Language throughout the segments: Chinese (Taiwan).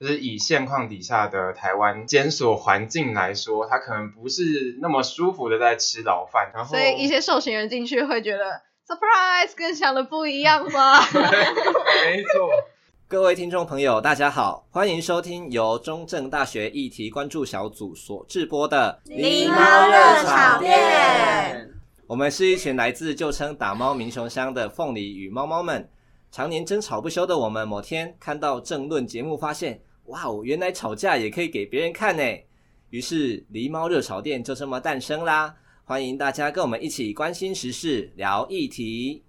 就是以現況底下的台灣監所環境來說，他可能不是那麼舒服的在吃牢飯，然後所以一些受刑人進去會覺得 surprise，跟想的不一樣吧 沒錯， 各位聽眾朋友，大家好，歡迎收聽由中正大學議題關注小組所制播的梨貓熱吵店。我們是一群來自舊稱打貓民雄鄉的鳳梨與貓貓們，常年爭吵不休的我們，某天看到政論節目發現。哇哦，原來吵架也可以給別人看呢！於是梨貓熱吵店就這麼誕生啦！歡迎大家跟我們一起關心時事，聊議題。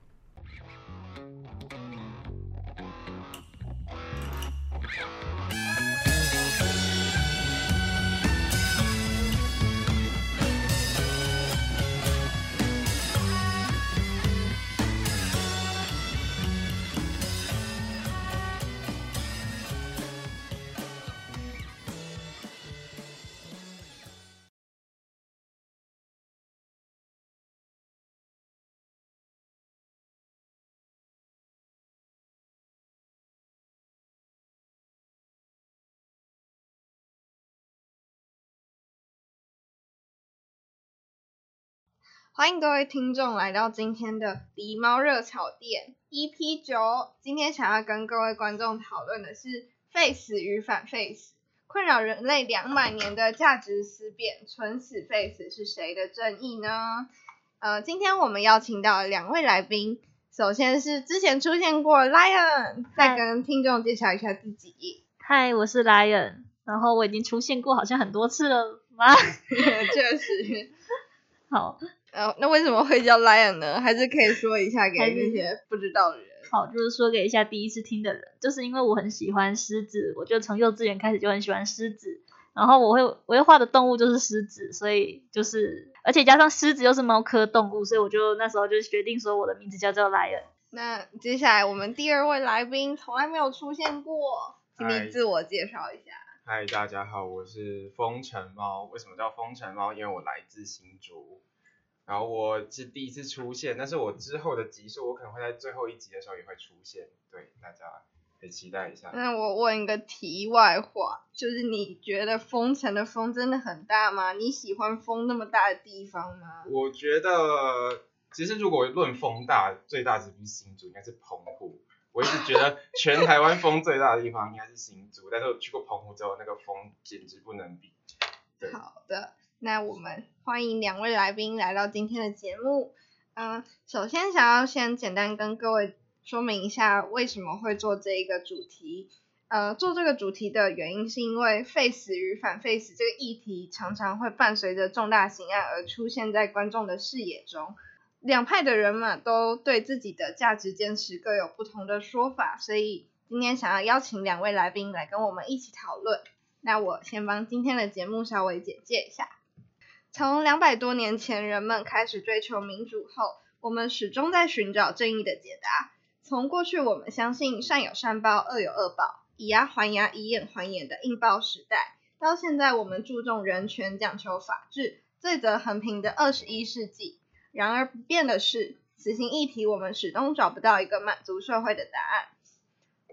歡迎各位聽眾來到今天的狸貓熱炒店 EP 九。今天想要跟各位觀眾討論的是廢死與反廢死，困擾人類兩百年的價值思辨，存死廢死是誰的正義呢？呃，今天我們邀請到兩位來賓，首先是之前出現過萊恩，再跟聽眾介紹一下自己。嗨，我是萊恩，然後我已經出現過好像很多次了，媽，確實 、就是，好。呃、哦，那為什麼會叫萊恩呢？還是可以說一下給那些不知道的人？好，就是說給一下第一次聽的人，就是因為我很喜歡獅子，我就從幼稚園開始就很喜歡獅子，然後我會我會畫的動物就是獅子，所以就是而且加上獅子又是貓科動物，所以我就那時候就決定說我的名字叫做萊恩。那接下來我們第二位來賓從來沒有出現過，請你自我介紹一下。嗨，嗨，大家好，我是風城貓。為什麼叫風城貓？因為我來自新竹。然後我是第一次出現，但是我之後的集數，我可能會在最後一集的時候也會出現，對，大家可以期待一下。那我問一個題外話，就是你覺得風城的風真的很大嗎？你喜歡風那麼大的地方嗎？我覺得，其實如果論風大，最大值不是新竹，應該是澎湖。我一直覺得全台灣風最大的地方應該是新竹， 但是我去過澎湖之後，那個風簡直不能比。對。好的。那我們歡迎兩位來賓來到今天的節目。嗯，首先想要先簡單跟各位說明一下，為什麼會做這一個主題。呃、嗯，做這個主題的原因是因為廢 e 與反廢 e 這個議題常常會伴隨着重大刑案而出現在觀眾的視野中，兩派的人馬都對自己的價值堅持各有不同的說法，所以今天想要邀請兩位來賓來跟我們一起討論。那我先幫今天的節目稍微簡介一下。從兩百多年前人們開始追求民主後，我們始終在尋找正義的解答。從過去我們相信善有善報、惡有惡報、以牙還牙、以眼還眼的應報時代，到現在我們注重人權、講求法治、罪責衡平的二十一世紀。然而不變的是，死刑議題我們始終找不到一個滿足社會的答案。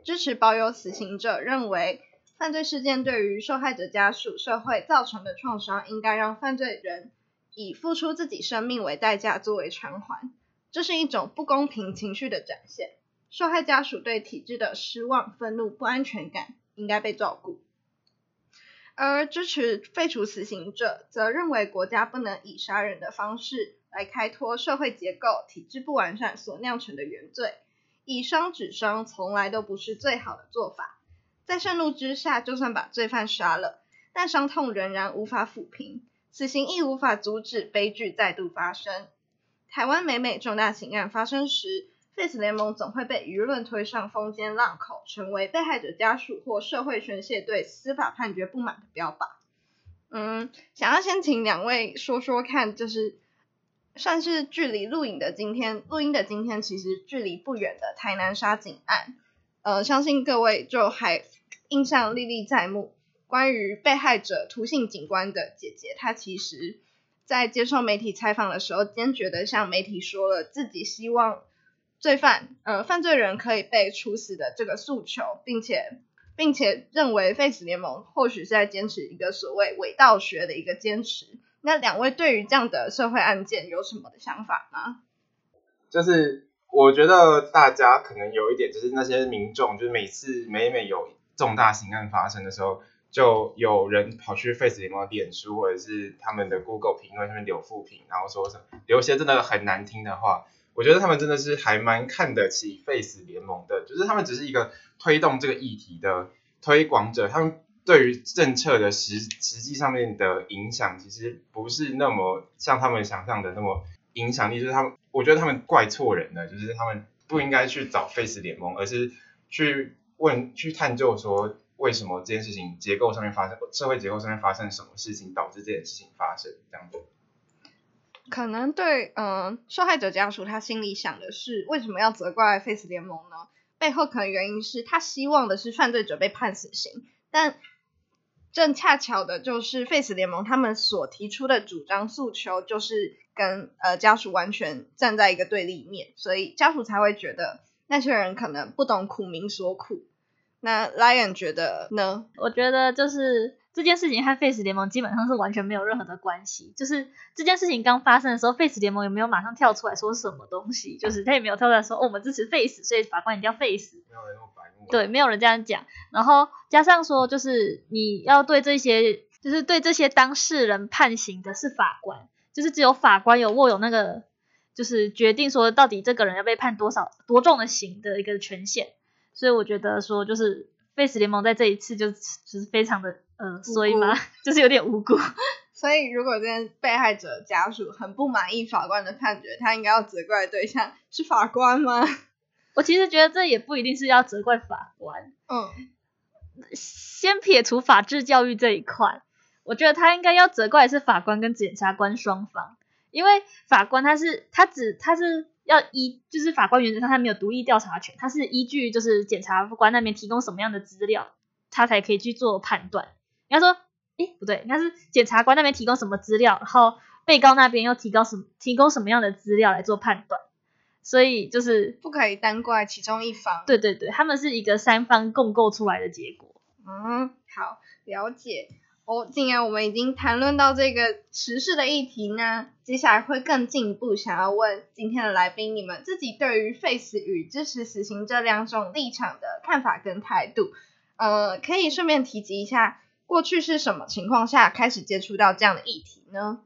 支持保有死刑者認為，犯罪事件對於受害者家屬、社會造成的創傷，應該讓犯罪人以付出自己生命為代價作為償還，這是一種不公平情緒的展現。受害家屬對體制的失望、憤怒、不安全感，應該被照顧。而支持廢除死刑者則認為，國家不能以殺人的方式來開脫社會結構、體制不完善所釀成的原罪，以殺止殺從來都不是最好的做法。在盛怒之下，就算把罪犯殺了，但傷痛仍然無法撫平，死刑亦無法阻止悲劇再度發生。台灣每每重大刑案發生時，廢死聯盟總會被輿論推上風尖浪口，成為被害者家屬或社會宣洩對司法判決不滿的標靶。嗯，想要先請兩位說說看，就是算是距離錄影的今天，錄音的今天其實距離不遠的台南殺警案。呃，相信各位就還。印象歷歷在目。關於被害者涂姓警官的姐姐，她其實在接受媒體採訪的時候，堅決的向媒體說了自己希望罪犯呃犯罪人可以被處死的這個訴求，並且並且認為廢死聯盟或許是在堅持一個所謂偽道學的一個堅持。那兩位對於這樣的社會案件有什麼的想法嗎？就是我覺得大家可能有一點，就是那些民眾，就是每次每每有。重大刑案發生的時候，就有人跑去廢死聯盟、臉書或者是他們的 Google 評論上面留負評，然後說什麼留一些真的很難聽的話。我覺得他們真的是還蠻看得起廢死聯盟的，就是他們只是一個推動這個議題的推廣者，他們對於政策的實實際上面的影響其實不是那麼像他們想象的那麼影響力，就是他們我覺得他們怪錯人了，就是他們不應該去找廢死聯盟，而是去。問去探究說，為什麼這件事情結構上面發生，社會結構上面發生什麼事情導致這件事情發生這樣子，可能對，嗯、呃，受害者家屬他心裡想的是為什麼要責怪廢死聯盟呢？背後可能原因是他希望的是犯罪者被判死刑，但正恰巧的就是廢死聯盟他們所提出的主張訴求就是跟呃家屬完全站在一個對立面，所以家屬才會覺得那些人可能不懂苦民所苦。那萊恩覺得呢？我覺得就是這件事情和廢死聯盟基本上是完全沒有任何的關係。就是這件事情剛發生的時候，廢死聯盟也沒有馬上跳出來說什麼東西，就是他也沒有跳出來說“哦，我們支持廢死”，所以法官一定要廢死。有有對，沒有人這樣講。然後加上說，就是你要對這些，就是對這些當事人判刑的是法官，就是只有法官有握有那個，就是決定說到底這個人要被判多少多重的刑的一個權限。所以我覺得說就是，廢死聯盟在這一次就就是非常的、呃，無辜，所以嘛，就是有點無辜。 所以如果這被害者家屬很不滿意法官的判決，他應該要責怪對象是法官嗎？我其實覺得這也不一定是要責怪法官。嗯。先撇除法治教育這一塊，我覺得他應該要責怪是法官跟檢察官雙方，因為法官他是他只他是。要依就是法官原則上他沒有獨立調查權，他是依據就是檢察官那邊提供什麼樣的資料，他才可以去做判斷。應該說，誒、欸、不對，應該是檢察官那邊提供什麼資料，然後被告那邊又提高什麼提供什麼樣的資料來做判斷，所以就是不可以單怪其中一方。對對對，他們是一個三方共構出來的結果。嗯，好，了解。哦，oh, 既然我們已經談論到這個時事的議題呢，接下來會更進一步，想要問今天的來賓，你們自己對於廢死與支持死刑這兩種立場的看法跟態度，呃，可以順便提及一下，過去是什麼情況下開始接觸到這樣的議題呢？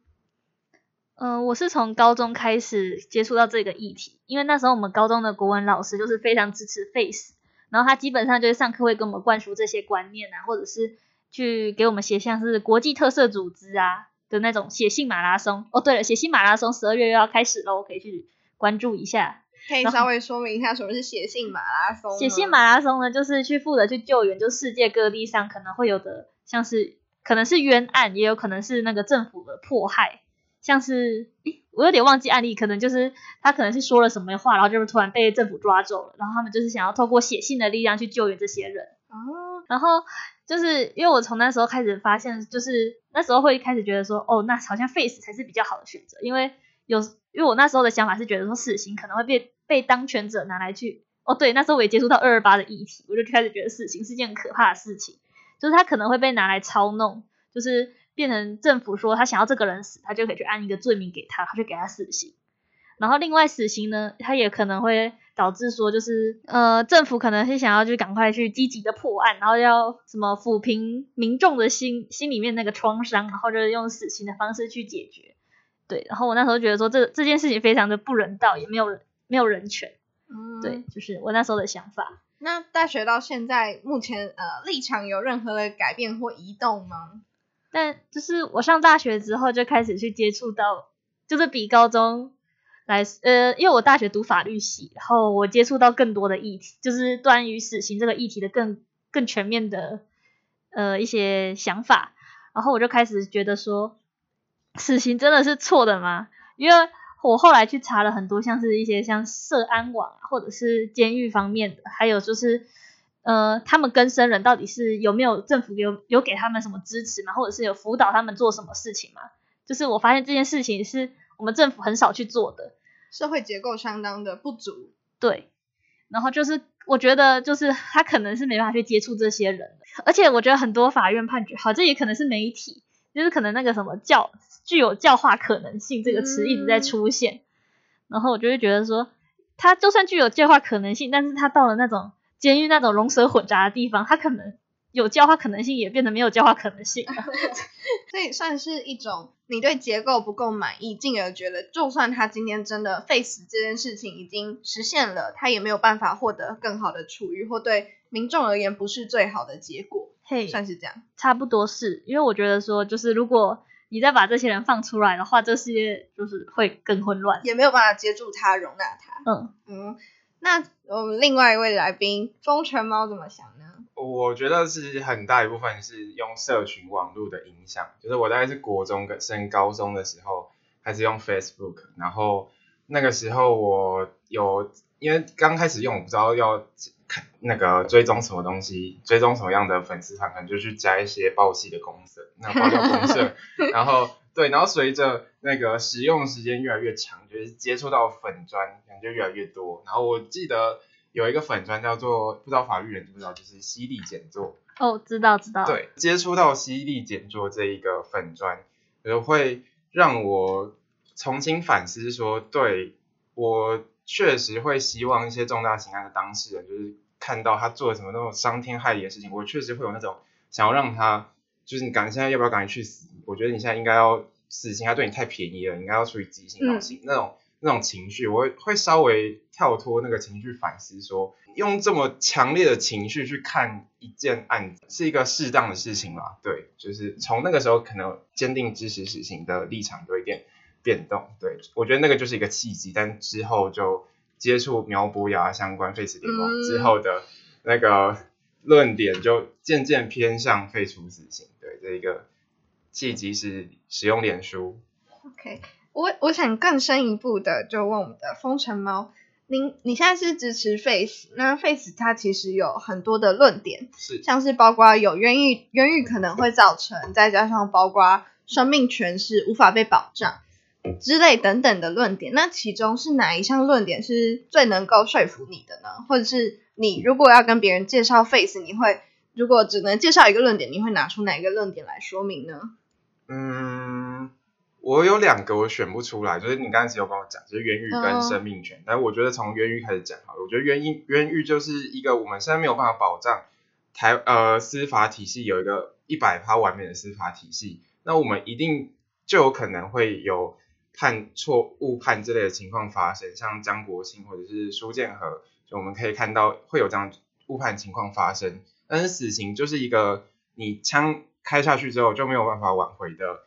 嗯、呃，我是從高中開始接觸到這個議題，因為那時候我們高中的國文老師就是非常支持廢死，然後他基本上就是上課會跟我們灌輸這些觀念啊，或者是。去給我們寫像是國際特赦組織啊的那種寫信馬拉松哦，對了，寫信馬拉松十二月又要開始嘍，我可以去關注一下。可以稍微說明一下什麼是寫信馬拉松？寫信馬拉松呢，就是去負責去救援，就是、世界各地上可能會有的像是可能是冤案，也有可能是那個政府的迫害，像是誒我有點忘記案例，可能就是他可能是說了什麼話，然後就突然被政府抓走了，然後他們就是想要透過寫信的力量去救援這些人。哦，然後就是因為我從那時候開始發現，就是那時候會開始覺得說，哦，那好像廢死才是比較好的選擇，因為有因為我那時候的想法是覺得說，死刑可能會被被當權者拿來去，哦，對，那時候我也接觸到二二八的議題，我就開始覺得死刑是件很可怕的事情，就是他可能會被拿來操弄，就是變成政府說他想要這個人死，他就可以去安一個罪名給他，他就給他死刑。然後另外死刑呢，他也可能會。導致說就是呃，政府可能是想要就趕快去積極的破案，然後要什麼撫平民眾的心心裡面那個創傷，然後就是用死刑的方式去解決，對。然後我那時候覺得說這這件事情非常的不人道，也沒有沒有人權，嗯、對，就是我那時候的想法。那大學到現在目前呃立場有任何的改變或移動嗎？但就是我上大學之後就開始去接觸到，就是比高中。來，呃，因為我大學讀法律系，然後我接觸到更多的議題，就是關於死刑這個議題的更更全面的呃一些想法，然後我就開始覺得說，死刑真的是錯的嗎？因為我後來去查了很多，像是一些像社安網啊，或者是監獄方面的，還有就是，呃，他們更生人到底是有沒有政府有有給他們什麼支持嗎，或者是有輔導他們做什麼事情嗎？就是我發現這件事情是。我們政府很少去做的，社會結構相當的不足。對，然後就是我覺得，就是他可能是沒辦法去接觸這些人，而且我覺得很多法院判決，好，這也可能是媒體，就是可能那個什麼教具有教化可能性這個詞一直在出現，嗯、然後我就會覺得說，他就算具有教化可能性，但是他到了那種監獄那種龍蛇混雜的地方，他可能。有教化可能性也變得沒有教化可能性， 所以算是一種你對結構不夠滿意，進而覺得就算他今天真的廢死這件事情已經實現了，他也沒有辦法獲得更好的處遇，或對民眾而言不是最好的結果，hey, 算是這樣。差不多是因為我覺得說，就是如果你再把這些人放出來的話，這世界就是會更混亂，也沒有辦法接住他容納他。嗯嗯，那我們另外一位來賓風城貓怎麼想呢？我覺得是很大一部分是用社群網絡的影響，就是我大概是國中跟升高中的時候開始用 Facebook，然後那個時候我有因為剛開始用不知道要看那個追蹤什麼東西，追蹤什麼樣的粉絲團，可能就去加一些爆氣的公社那個、爆料公社， 然後對，然後隨着那個使用時間越來越長，就是接觸到粉專感覺越來越多，然後我記得。有一個粉專叫做，不知道法律人知不知道，就是犀利檢座？哦，知道知道。對，接觸到犀利檢座這一個粉專，也會讓我重新反思說，對，我確實會希望一些重大刑案的當事人，就是看到他做了什麼那種傷天害理的事情，我確實會有那種想要讓他，就是你趕緊現在要不要趕緊去死？我覺得你現在應該要死刑，他對你太便宜了，應該要處於極刑，量刑那種。那種情緒，我會會稍微跳脫那個情緒反思說，說用這麼強烈的情緒去看一件案子是一個適當的事情嗎？對，就是從那個時候，可能堅定支持死刑的立場有一點變動。對，我覺得那個就是一個契機，但之後就接觸苗博雅相關 Facebook 之後的那個論點，就漸漸偏向廢除死刑。對，這一個契機是使用臉書。OK。我我想更深一步的就問我們的風城貓，您、你、你現在是支持廢死？那廢死它其實有很多的論點，是像是包括有冤獄，冤獄可能會造成，再加上包括生命權是無法被保障之類等等的論點。那其中是哪一項論點是最能夠說服你的呢？或者是你如果要跟別人介紹廢死，你會如果只能介紹一個論點，你會拿出哪一個論點來說明呢？嗯。我有兩個我選不出來，就是你剛才有幫我講，就是冤獄跟生命權。Oh. 但我覺得從冤獄開始講好了。我覺得冤冤獄就是一個我們現在沒有辦法保障台呃司法體系有一個一百趴完美的司法體系，那我們一定就有可能會有判錯誤判之類的情況發生，像江國慶或者是蘇建和，就我們可以看到會有這樣誤判情況發生。但是死刑就是一個你槍開下去之後就沒有辦法挽回的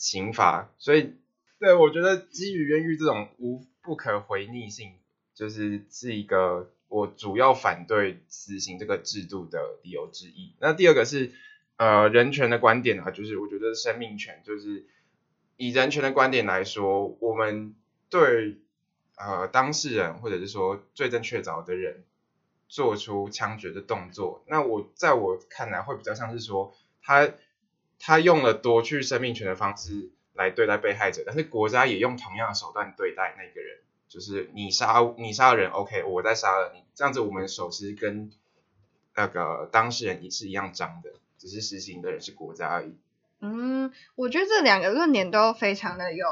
刑罰，所以對我覺得基於冤獄這種無不可回逆性，就是是一個我主要反對死刑這個制度的理由之一。那第二個是呃人權的觀點啊，就是我覺得生命權，就是以人權的觀點來說，我們對呃當事人或者是說罪證確鑿的人做出槍決的動作，那我在我看來會比較像是說他。他用了奪去生命權的方式來對待被害者，但是國家也用同樣的手段對待那個人，就是你殺你殺人，OK，我再殺了你，這樣子我們手其實跟那個當事人也是一樣髒的，只是實行的人是國家而已。嗯，我覺得這兩個論點都非常的有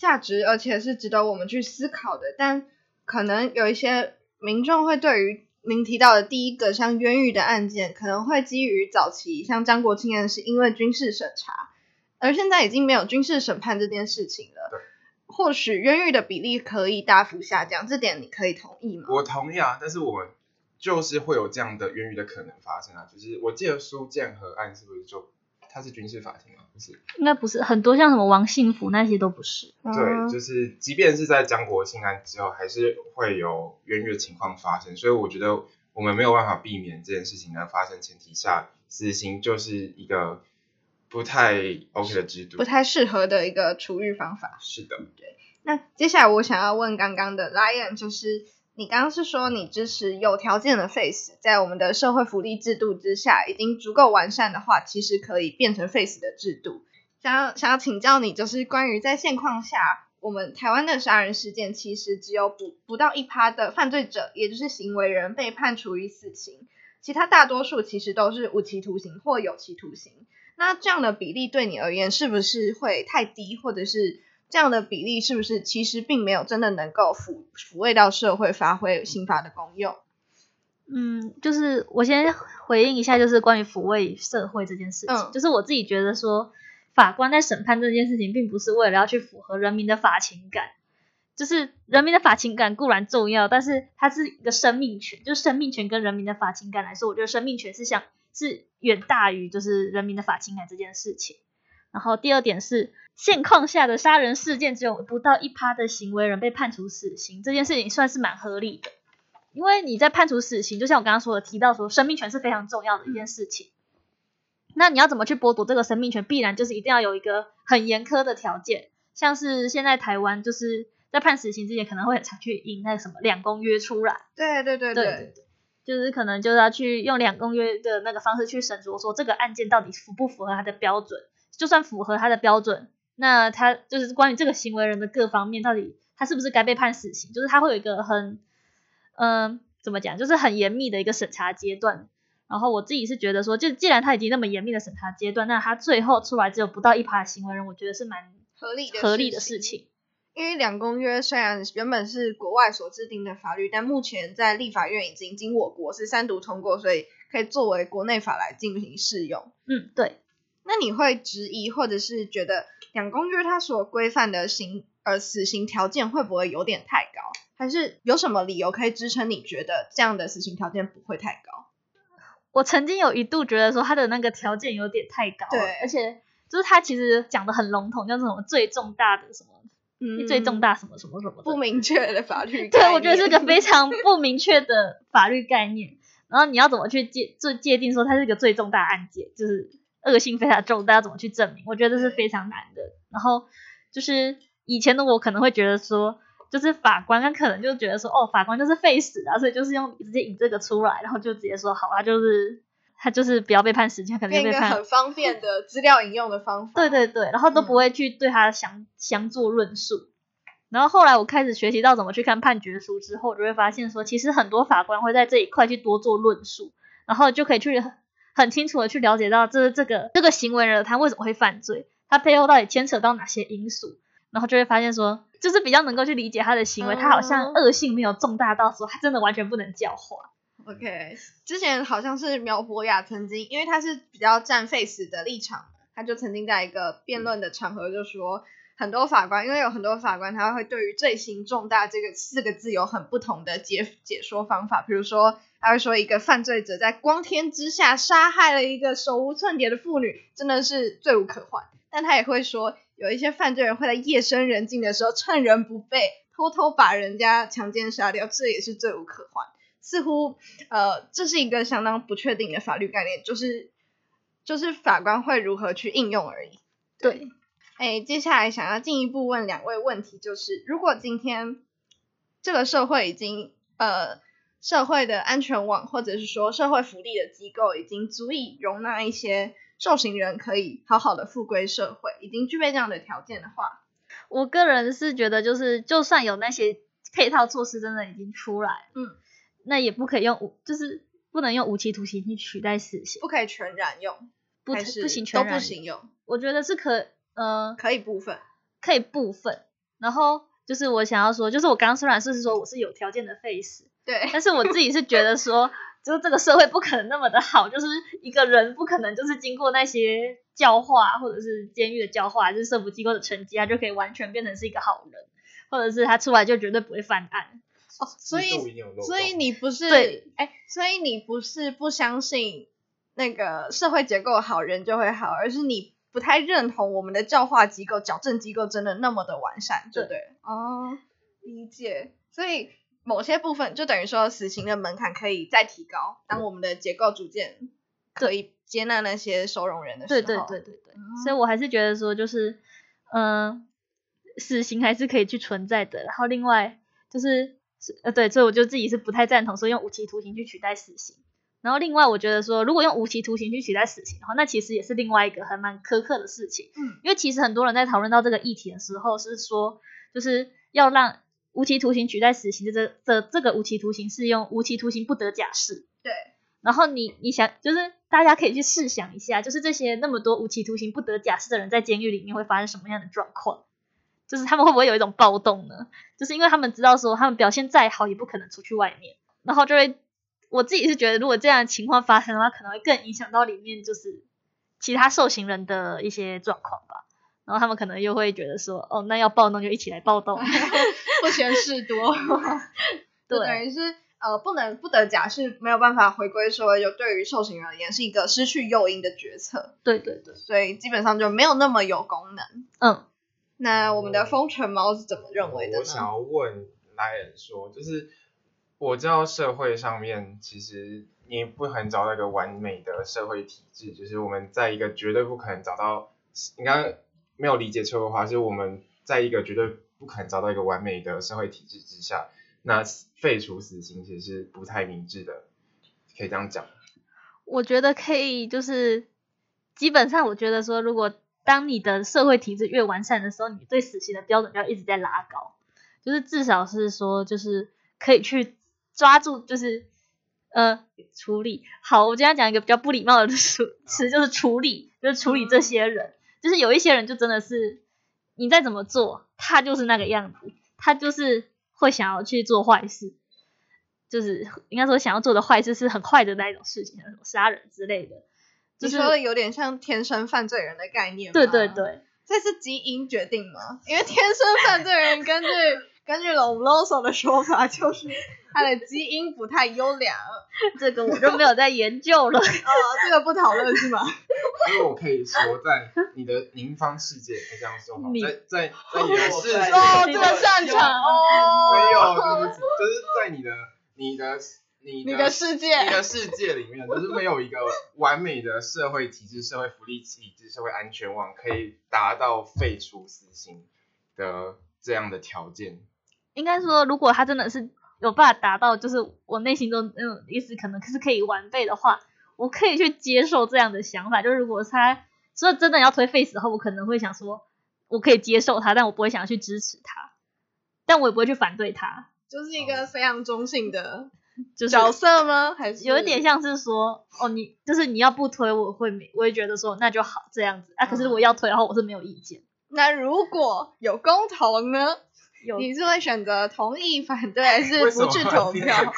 價值，而且是值得我們去思考的，但可能有一些民眾會對於。您提到的第一個像冤獄的案件，可能會基於早期像張國慶案是因為軍事審查，而現在已經沒有軍事審判這件事情了。對，或許冤獄的比例可以大幅下降，這點你可以同意嗎？我同意啊，但是我們就是會有這樣的冤獄的可能發生啊，就是我記得蘇建和案是不是就。它是軍事法庭嗎？是。那不是，應該不是很多，像什麼王信福、嗯、那些都不是。對，嗯、就是即便是在江國慶案之後，還是會有冤獄情況發生，所以我覺得我們沒有辦法避免這件事情的發生。前提下，死刑就是一個不太 OK 的制度，不太適合的一個處遇方法。是的，對。那接下來我想要問剛剛的萊恩，就是。你剛剛是說你支持有條件的廢死，在我們的社會福利制度之下已經足夠完善的話，其實可以變成廢死的制度。想要想要請教你，就是關於在現況下，我們台灣的殺人事件，其實只有不不到一趴的犯罪者，也就是行為人被判處於死刑，其他大多數其實都是無期徒刑或有期徒刑。那這樣的比例對你而言是不是會太低，或者是？這樣的比例是不是其實並沒有真的能夠撫撫慰到社會，發揮刑法的功用？嗯，就是我先回應一下，就是關於撫慰社會這件事情，嗯、就是我自己覺得說，法官在審判這件事情，並不是為了要去符合人民的法情感，就是人民的法情感固然重要，但是它是一個生命權，就是生命權跟人民的法情感來說，我覺得生命權是想是遠大於就是人民的法情感這件事情。然後第二點是。現況下的殺人事件只有不到一趴的行為人被判處死刑，這件事情算是蠻合理的，因為你在判處死刑，就像我剛剛說的，提到說，生命權是非常重要的一件事情。嗯、那你要怎麼去剝奪這個生命權？必然就是一定要有一個很嚴苛的條件，像是現在台灣就是在判死刑之前，可能會很常去引那個什麼兩公約出來。對對對對對，對，對，就是可能就是要去用兩公約的那個方式去審查說這個案件到底符不符合他的標準，就算符合他的標準。那他就是關於這個行為人的各方面，到底他是不是該被判死刑？就是他會有一個很，嗯、呃、怎麼講，就是很嚴密的一個審查階段。然後我自己是覺得說，就既然他已經那麼嚴密的審查階段，那他最後出來只有不到一趴行為人，我覺得是蠻合理的、合理的事情。因為兩公約雖然原本是國外所制定的法律，但目前在立法院已經經我國是三讀通過，所以可以作為國內法來進行適用。嗯，對。那你會質疑，或者是覺得兩公約他所規範的刑，呃，死刑條件會不會有點太高？還是有什麼理由可以支撐你覺得這樣的死刑條件不會太高？我曾經有一度覺得說他的那個條件有點太高了，對，而且就是他其實講的很籠統，叫、就是、什麼最重大的什麼，嗯，最重大什麼什麼什麼的不明確的法律，對，我覺得是個非常不明確的法律概念。 然後你要怎麼去界，就界定說它是一個最重大案件，就是。惡性非常重，大家怎麼去證明？我覺得這是非常難的。對然後就是以前的我可能會覺得說，就是法官他可能就覺得說，哦，法官就是廢死啊，所以就是用直接引這個出來，然後就直接說好啊，就是他就是不要被判死刑，可能就是很方便的資料引用的方法。 對對對，然後都不會去對他詳詳做論述。嗯、然後後來我開始學習到怎麼去看判決書之後，我就會發現說，其實很多法官會在這一塊去多做論述，然後就可以去。很清楚的去了解到，就是這個這個行為人他為什麼會犯罪，他背後到底牽扯到哪些因素，然後就會發現說，就是比較能夠去理解他的行為，他好像惡性沒有重大到說他真的完全不能教化。OK，之前好像是苗博雅曾經，因為他是比較站廢死的立場，他就曾經在一個辯論的場合就說，很多法官，因為有很多法官他會對於“罪行重大”這個四個字有很不同的解解說方法，比如說。他會說，一個犯罪者在光天之下殺害了一個手無寸鐵的婦女，真的是罪無可逭。但他也會說，有一些犯罪人會在夜深人靜的時候，趁人不備，偷偷把人家強奸殺掉，這也是罪無可逭。似乎，呃，這是一個相當不確定的法律概念，就是就是法官會如何去應用而已。對，哎，接下來想要進一步問兩位問題，就是如果今天這個社會已經，呃。社會的安全網，或者是說社會福利的機構，已經足以容納一些受刑人可以好好的復歸社會，已經具備這樣的條件的話，我個人是覺得，就是就算有那些配套措施真的已經出來，嗯，那也不可以用無，就是不能用無期徒刑去取代死刑，不可以全然用，不不行，都不行用，我覺得是可，嗯、呃，可以部分，可以部分，然後就是我想要說，就是我剛剛雖然說是說我是有條件的廢死。對， 但是我自己是覺得說，就是這個社會不可能那麼的好，就是一個人不可能就是經過那些教化或者是監獄的教化，還是社福機構的成績，他就可以完全變成是一個好人，或者是他出來就絕對不會犯案。哦，所以所以你不是對，哎，所以你不是不相信那個社會結構好人就會好，而是你不太認同我們的教化機構、矯正機構真的那麼的完善，對不對？哦，理解，所以。某些部分就等於說，死刑的門檻可以再提高，當我們的結構逐漸可以接納那些收容人的時候，對對對對，對，對，所以我還是覺得說，就是嗯，呃，死刑還是可以去存在的。然後另外就是，呃，對，所以我就自己是不太贊同說用無期徒刑去取代死刑。然後另外我覺得說，如果用無期徒刑去取代死刑的話，那其實也是另外一個還蠻苛刻的事情。嗯，因為其實很多人在討論到這個議題的時候，是說就是要讓。無期徒刑取代死刑的這這這個無期徒刑，適用無期徒刑不得假釋。對，然後你你想，就是大家可以去試想一下，就是這些那麼多無期徒刑不得假釋的人在監獄裡面會發生什麼樣的狀況？就是他們會不會有一種暴動呢？就是因為他們知道說他們表現再好也不可能出去外面，然後就會，我自己是覺得如果這樣的情況發生的話，可能會更影響到裡面就是其他受刑人的一些狀況吧。然後他們可能又會覺得說，哦，那要暴動就一起來暴動， 不嫌事多， 對，等於是呃不能，不得假釋，沒有辦法回歸社會，就對於受刑人而言是一個失去誘因的決策，對對對，所以基本上就沒有那麼有功能。嗯，那我們的風城貓是怎麼認為的呢？我？我想要問萊恩說，就是我知道社會上面其實你不很找到一個完美的社會體制，就是我們在一個絕對不可能找到，應該，嗯沒有理解錯的話，是我們在一個絕對不可能找到一個完美的社會體制之下，那廢除死刑其實是不太明智的，可以這樣講。我覺得可以，就是基本上我覺得說，如果當你的社會體制越完善的時候，你對死刑的標準要一直在拉高，就是至少是說，就是可以去抓住，就是呃處理。好，我今天講一個比較不禮貌的詞，詞好就是處理，就是處理這些人。就是有一些人就真的是，你再怎麼做，他就是那個樣子，他就是會想要去做壞事，就是應該說想要做的壞事是很壞的那一種事情，殺人之類的。就是說有點像天生犯罪人的概念。對對對，這是基因決定嗎？因為天生犯罪人根據。 根據龍布羅梭的說法，就是他的基因不太優良， 這個我就沒有再研究了， 呃，這個不討論是嗎？因為我可以說，在你的您方世界，哦，可以這樣說，在在在你的世界，哦，這個擅長。哦，沒有，就是在你的你的你的你的世界你的世界裡面，就是沒有一個完美的社會體制、社會福利體制、社會安全網，可以達到廢除死刑的這樣的條件。應該說，如果他真的是有辦法達到，就是我內心中那種意思，可能可是可以完備的話，我可以去接受這樣的想法。就是如果他說真的要推廢死的話，我可能會想說，我可以接受他，但我不會想去支持他，但我也不會去反對他，就是一個非常中性的角色嗎？就是、還是有一點像是說，哦，你就是你要不推我會沒，我會，我也覺得說那就好這樣子啊。可是我要推的話，然後、嗯、我是沒有意見。那如果有公投呢？有你是會選擇同意、反對，還是不去投票？投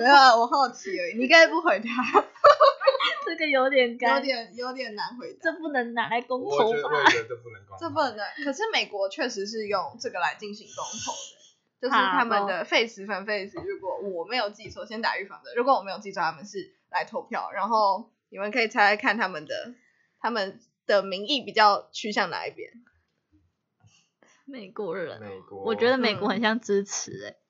沒有，我好奇而已，你應該不回答。 這個有點干。有點有點難回答。這不能拿來公投吧？對對對，這不能公。這不能。可是美國確實是用這個來進行公投的，就是他們的廢死反廢死。如果我沒有記錯，先打預防針。如果我沒有記錯，他們是來投票。然後你們可以猜猜看他們的他們的民意比較趨向哪一邊？美國人，美國，我覺得美國很像支持哎、欸嗯，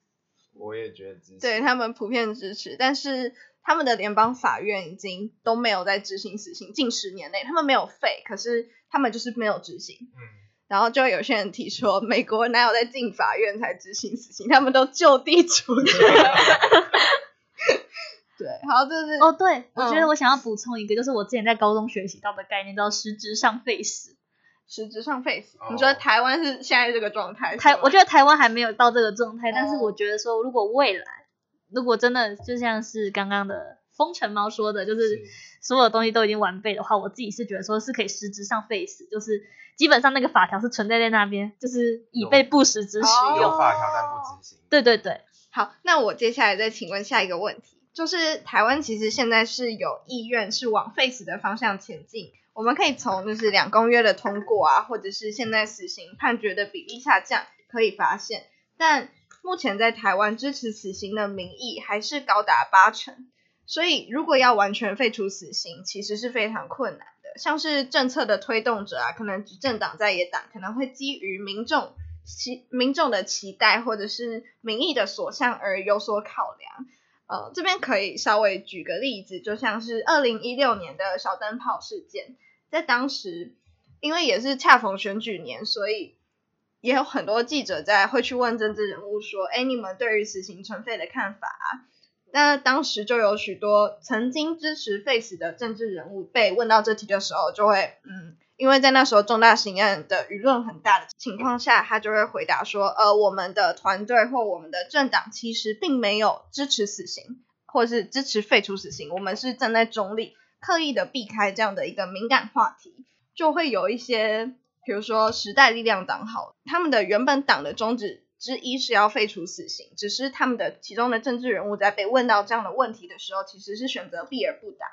我也覺得支持，對他們普遍支持，但是他們的聯邦法院已經都沒有在執行死刑，近十年內他們沒有廢，可是他們就是沒有執行，然後就有些人提說，美國哪有在進法院才執行死刑？他們都就地處決， 對，好，對、就、對、是。哦，對我覺得我想要補充一個，嗯、就是我之前在高中學習到的概念，叫實質上廢死。實質上 face，、oh, 你覺得台灣是現在這個狀態？台，我覺得台灣還沒有到這個狀態，但是我覺得說，如果未來，oh. 如果真的就像是剛剛的風城貓說的，就是所有東西都已經完備的話，是我自己是覺得說是可以實質上 face，就是基本上那個法條是存在在那邊，就是以備不時之需。有法條但不執行。對對對。好，那我接下來再請問下一個問題，就是台灣其實現在是有意願是往 face 的方向前進。我們可以從就是兩公約的通過啊，或者是現在死刑判決的比例下降，可以發現，但目前在台灣支持死刑的民意還是高達八成，所以如果要完全廢除死刑，其實是非常困難的。像是政策的推動者啊，可能執政黨在野黨可能會基於民眾期、民眾的期待或者是民意的所向而有所考量。呃，這邊可以稍微舉個例子，就像是二零一六年的小燈泡事件。在當時，因為也是恰逢選舉年，所以也有很多記者在會去問政治人物說：“哎，你們對於死刑存廢的看法啊？”那當時就有許多曾經支持廢死的政治人物被問到這題的時候，就會嗯，因為在那時候重大刑案的輿論很大的情況下，他就會回答說：“呃，我們的團隊或我們的政黨其實並沒有支持死刑，或是支持廢除死刑，我們是站在中立。”刻意的避開這樣的一個敏感話題，就會有一些，比如說時代力量黨好，他們的原本黨的宗旨之一是要廢除死刑，只是他們的其中的政治人物在被問到這樣的問題的時候，其實是選擇避而不答。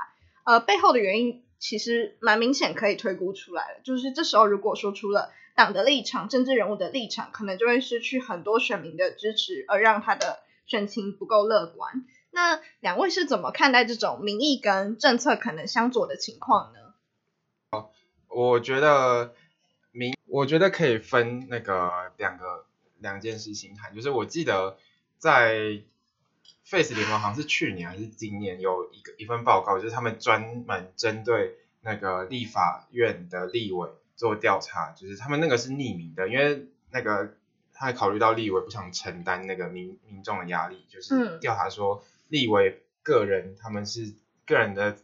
呃，背後的原因其實蠻明顯，可以推估出來的，就是這時候如果說出了黨的立場，政治人物的立場，可能就會失去很多選民的支持，而讓他的選情不夠樂觀。那兩位是怎麼看待這種民意跟政策可能相左的情況呢？哦，我覺得民，我覺得可以分那個兩個兩件事情看，就是我記得在廢死聯盟好像是去年還是今年有一個一份報告，就是他們專門針對那個立法院的立委做調查，就是他們那個是匿名的，因為那個他還考慮到立委不想承擔那個民民眾的壓力，就是調查說。嗯立委個人，他們是個人的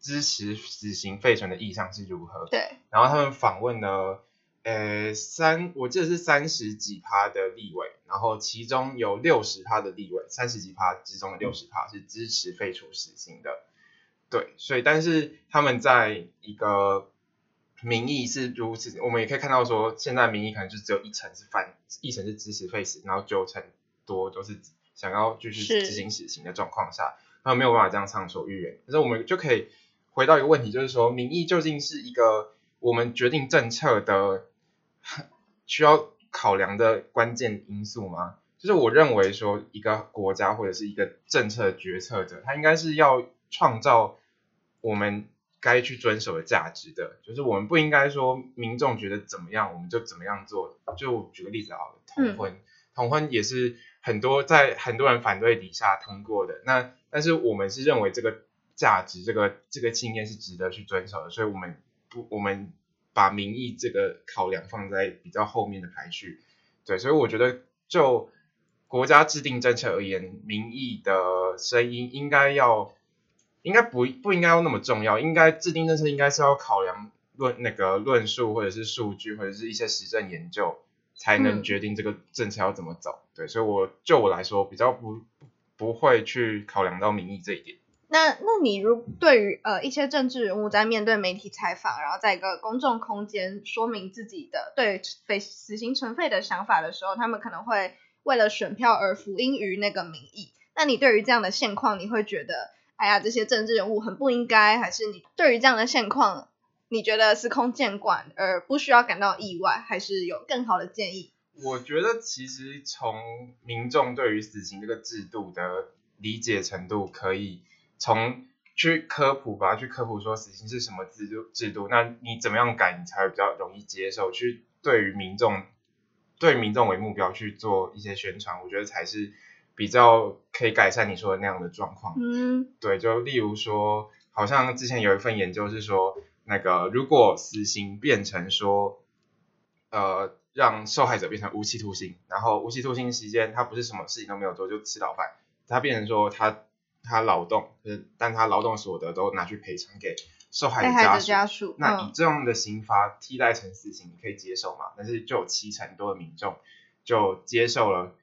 支持死刑廢除的意向是如何？對。然後他們訪問了，呃，三，我記得是三十幾趴的立委，然後其中有六十趴的立委，三十幾趴之中的六十趴是支持廢除死刑的。嗯、對，所以但是他們在一個民意是如此，我們也可以看到說，現在民意可能就只有一成是反，一成是支持廢除，然後九成多都是，想要就是執行死刑的狀況下，是他沒有辦法這樣暢所欲言。可是我們就可以回到一個問題，就是說，民意究竟是一個我們決定政策的需要考量的關鍵因素嗎？就是我認為說，一個國家或者是一個政策決策者，他應該是要創造我們該去遵守的價值的。就是我們不應該說，民眾覺得怎麼樣，我們就怎麼樣做。就舉個例子好了，同婚，嗯、同婚也是。很多在很多人反對底下通過的。那但是我們是認為這個價值、這個這個信念是值得去遵守的，所以我們不，我們把民意這個考量放在比較後面的排序，對，所以我覺得就國家制定政策而言，民意的聲音應該要，應該不不應該要那麼重要，應該制定政策應該是要考量論那個論述或者是數據或者是一些實證研究。才能決定這個政策要怎麼走，嗯、對，所以我就我來說，我比較不不會去考量到民意這一點。那那你如對於呃一些政治人物在面對媒體採訪，然後在一個公眾空間說明自己的對死刑存廢的想法的時候，他們可能會為了選票而服膺於那個民意。那你對於這樣的現況，你會覺得哎呀這些政治人物很不應該，還是你對於這樣的現況？你覺得司空見慣而不需要感到意外，還是有更好的建議？我覺得其實從民眾對於死刑這個制度的理解程度，可以從去科普吧。去科普說死刑是什麼制度制度，那你怎麼樣改你才比較容易接受？去對於民眾對民眾為目標去做一些宣傳，我覺得才是比較可以改善你說的那樣的狀況。嗯，對，就例如說，好像之前有一份研究是說，那個，如果死刑變成說，呃，讓受害者變成無期徒刑，然後無期徒刑期間他不是什麼事情都沒有做就吃牢飯，他變成說他他勞動，但他勞動所得都拿去賠償給受害者家屬。家屬那以這樣的刑罰替代成死刑，你可以接受嗎？嗯、但是就有七成多的民眾就接受了。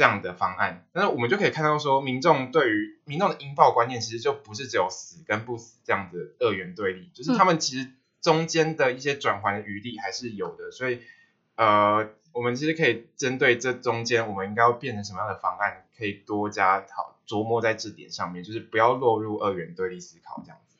這樣的方案，但是我們就可以看到，說民眾對於民眾的應報觀念，其實就不是只有死跟不死這樣的二元對立，就是他們其實中間的一些轉圜餘地還是有的。嗯、所以，呃，我們其實可以針對這中間，我們應該要變成什麼樣的方案，可以多加討琢磨在這點上面，就是不要落入二元對立思考這樣子。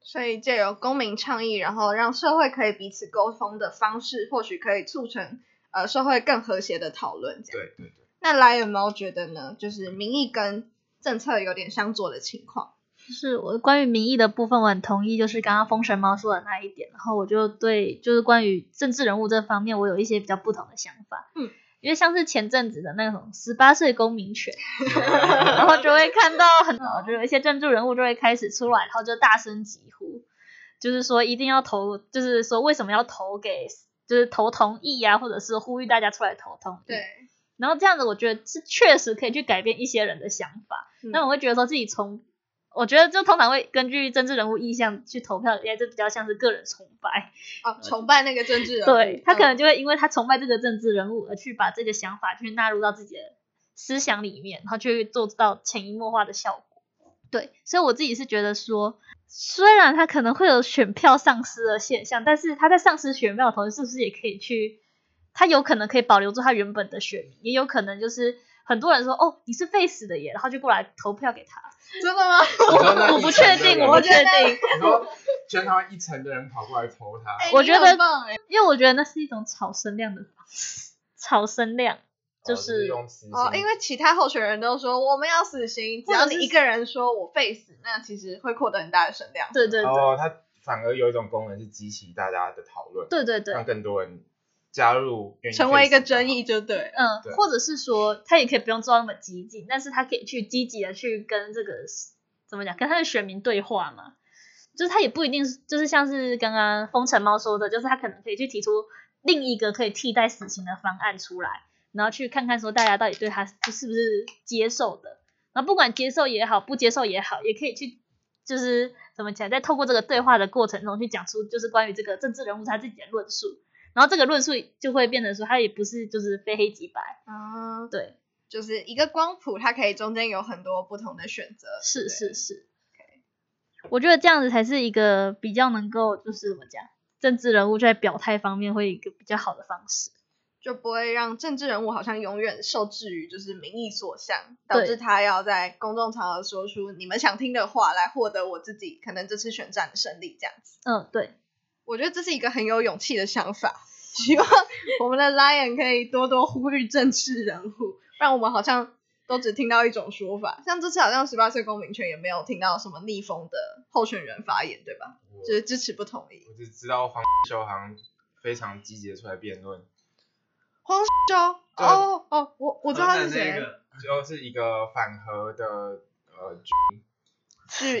所以，借由公民倡議，然後讓社會可以彼此溝通的方式，或許可以促成呃社會更和諧的討論這樣對。對對對。那萊恩貓覺得呢，就是民意跟政策有點相左的情況。就是我關於民意的部分，我很同意，就是剛剛風城貓說的那一點。然後我就對，就是關於政治人物這方面，我有一些比較不同的想法。嗯，因為像是前陣子的那種十八歲公民權 然後就會看到很， 就有一些政治人物就會開始出來，然後就大聲疾呼，就是說一定要投，就是說為什麼要投給，就是投同意啊，或者是呼籲大家出來投同意。對。然後這樣子，我覺得是確實可以去改變一些人的想法。那、嗯、我會覺得說，自己從我覺得就通常會根據政治人物意向去投票，也就比較像是個人崇拜啊，嗯、崇拜那個政治人物。對，嗯、他可能就會因為他崇拜這個政治人物，而去把這個想法去納入到自己的思想裡面，然後去做到潛移默化的效果。對，所以我自己是覺得說，雖然他可能會有選票喪失的現象，但是他在喪失選票的同時，是不是也可以去？他有可能可以保留住他原本的選民，也有可能就是很多人說，哦，你是廢死的耶，然後就過來投票給他。真的嗎？我、的我不確定，我不確定。你說全台灣一層的人跑過來投他？我 覺得，因為我覺得那是一種炒聲量的，炒聲量就是，哦，是哦，因為其他候選人都說我們要死刑，只要你一個人說我廢死，那其實會獲得很大的聲量。對對對，哦。他反而有一種功能是激起大家的討論，對對對，讓更多人。加入成為一個專一就對，嗯，對或者是說他也可以不用做那麼激進，但是他可以去積極的去跟這個怎麼講，跟他的選民對話嘛，就是他也不一定就是像是剛剛風城貓說的，就是他可能可以去提出另一個可以替代死刑的方案出來，然後去看看說大家到底對他是不是接受的，然後不管接受也好，不接受也好，也可以去就是怎麼講，在透過這個對話的過程中去講出就是關於這個政治人物他自己的論述。然後這個論述就會變得說，它也不是就是非黑即白啊，對，就是一個光譜，它可以中間有很多不同的選擇，是是是。我覺得這樣子才是一個比較能夠就是怎麼講，政治人物在表態方面會一個比較好的方式，就不會讓政治人物好像永遠受制於就是民意所向，導致他要在公眾場合說出你們想聽的話來獲得我自己可能這次選戰的勝利這樣子。嗯，對。我覺得這是一個很有勇氣的想法。希望我們的萊恩可以多多呼籲政治人物，不然我們好像都只聽到一種說法。像這次好像十八歲公民權也沒有聽到什麼逆風的候選人發言，對吧？我就是支持不同意。我只知道秀黃秀航非常積極的出來辯論。黃秀對哦哦，我我知道他是誰？那那就是一個反核的呃局。是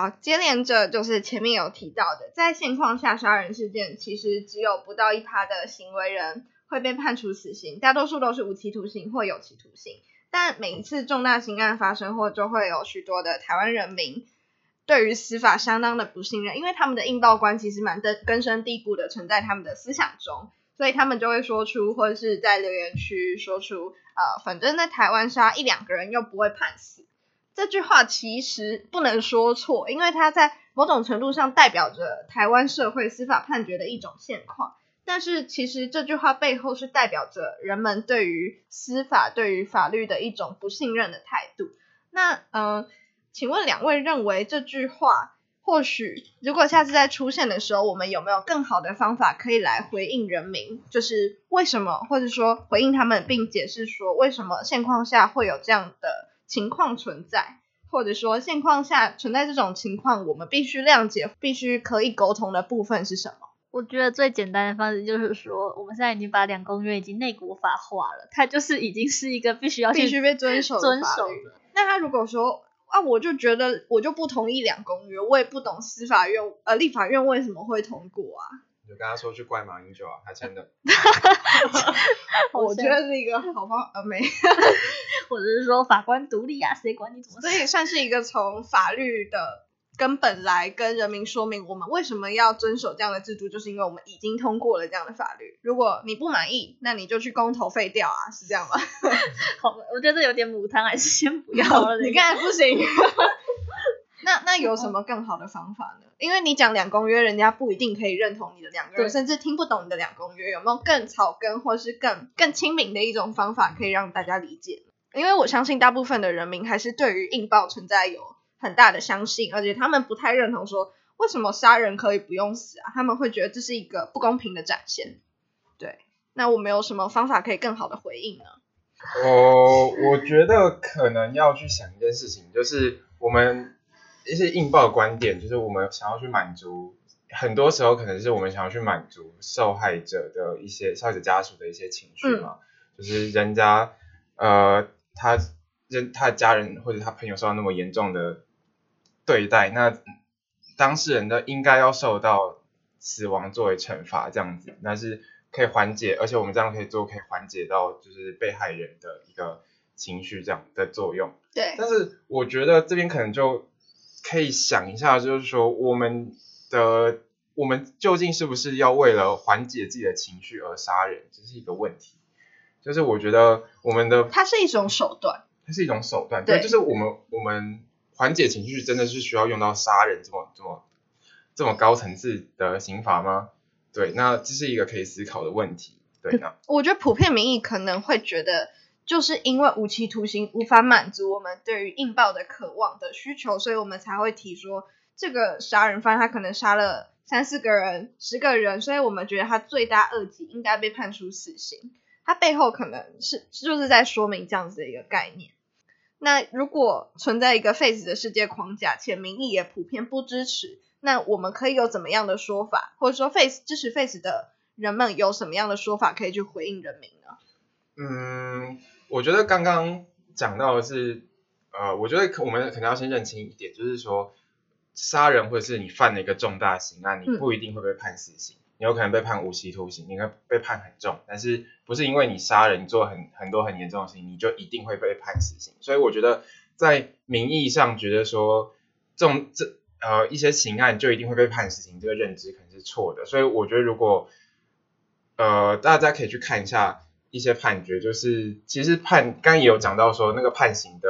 好，接連着就是前面有提到的，在現況下，殺人事件其實只有不到一趴的行為人會被判處死刑，大多數都是無期徒刑或有期徒刑。但每一次重大刑案發生後，或就會有許多的台灣人民對於司法相當的不信任，因為他們的應報觀其實蠻根根深蒂固的存在他們的思想中，所以他們就會說出，或者是在留言區說出，呃，反正在台灣殺一兩個人又不會判死。這句話其實不能說錯，因為它在某種程度上代表着台灣社會司法判決的一種現況。但是，其實這句話背後是代表着人們對於司法、對於法律的一種不信任的態度。那，嗯、呃，請問兩位認為這句話，或許如果下次再出現的時候，我們有沒有更好的方法可以來回應人民？就是為什麼，或者說回應他們，並解釋說為什麼現況下會有這樣的？情況存在，或者說現況下存在這種情況，我們必須諒解，必須可以溝通的部分是什麼？我覺得最簡單的方式就是說，我們現在已經把兩公約已經內國法化了，它就是已經是一個必須要必須被遵守的法律，遵守的。那他如果說啊，我就覺得我就不同意兩公約，我也不懂司法院呃立法院為什麼會通過啊？你跟他說去怪馬英九啊，他真的。我覺得是一個好方呃沒， 我只是說法官獨立啊，誰管你怎麼？所以算是一個從法律的根本來跟人民說明，我們為什麼要遵守這樣的制度，就是因為我們已經通過了這樣的法律。如果你不滿意，那你就去公投廢，廢掉啊，是這樣嗎？ 好，我覺得這有點母湯，還是先不要了，這個。你看，不行。 那那有什麼更好的方法呢？因為你講兩公約，人家不一定可以認同你的兩公約，甚至聽不懂你的兩公約。有沒有更草根或是更更親民的一種方法可以讓大家理解？因為我相信大部分的人民還是對於應報存在有很大的相信，而且他們不太認同說為什麼殺人可以不用死啊？他們會覺得這是一個不公平的展現。對，那我們有什麼方法可以更好的回應呢？我、哦、是我覺得可能要去想一件事情，就是我們。一些應報的觀點，就是我們想要去滿足，很多時候可能是我們想要去滿足受害者的一些、受害者家屬的一些情緒嘛。嗯、就是人家呃，他人他的家人或者他朋友受到那麼嚴重的對待，那當事人的應該要受到死亡作為懲罰這樣子，但是可以緩解，而且我們這樣可以做，可以緩解到就是被害人的一個情緒這樣的作用。對，但是我覺得這邊可能就。可以想一下，就是說我們的我們究竟是不是要為了緩解自己的情緒而殺人，這是一個問題。就是我覺得我們的它是一種手段，它是一種手段。對，對，就是我們我們緩解情緒真的是需要用到殺人這麼這麼這麼高層次的刑罰嗎？對，那這是一個可以思考的問題。對的，我覺得普遍民意可能會覺得。就是因為無期徒刑無法滿足我們對於應報的渴望的需求，所以我們才會提說這個殺人犯他可能殺了三四個人、十個人，所以我們覺得他罪大惡極，應該被判處死刑。他背後可能是就是在說明這樣子的一個概念。那如果存在一個廢死的世界框架，且民意也普遍不支持，那我們可以有怎麼樣的說法，或者說廢死支持廢死的人們有什麼樣的說法可以去回應人民呢？嗯。我覺得剛剛講到的是，呃，我覺得我們可能要先認清一點，就是說殺人或者是你犯了一個重大刑案，你不一定會被判死刑，你有可能被判無期徒刑，你可能被判很重，但是不是因為你殺人你做很很多很嚴重的事情，你就一定會被判死刑。所以我覺得在名義上覺得說重這呃一些刑案就一定會被判死刑，這個認知可能是錯的。所以我覺得如果呃大家可以去看一下。一些判決就是，其實判，剛剛也有講到說，那個判刑的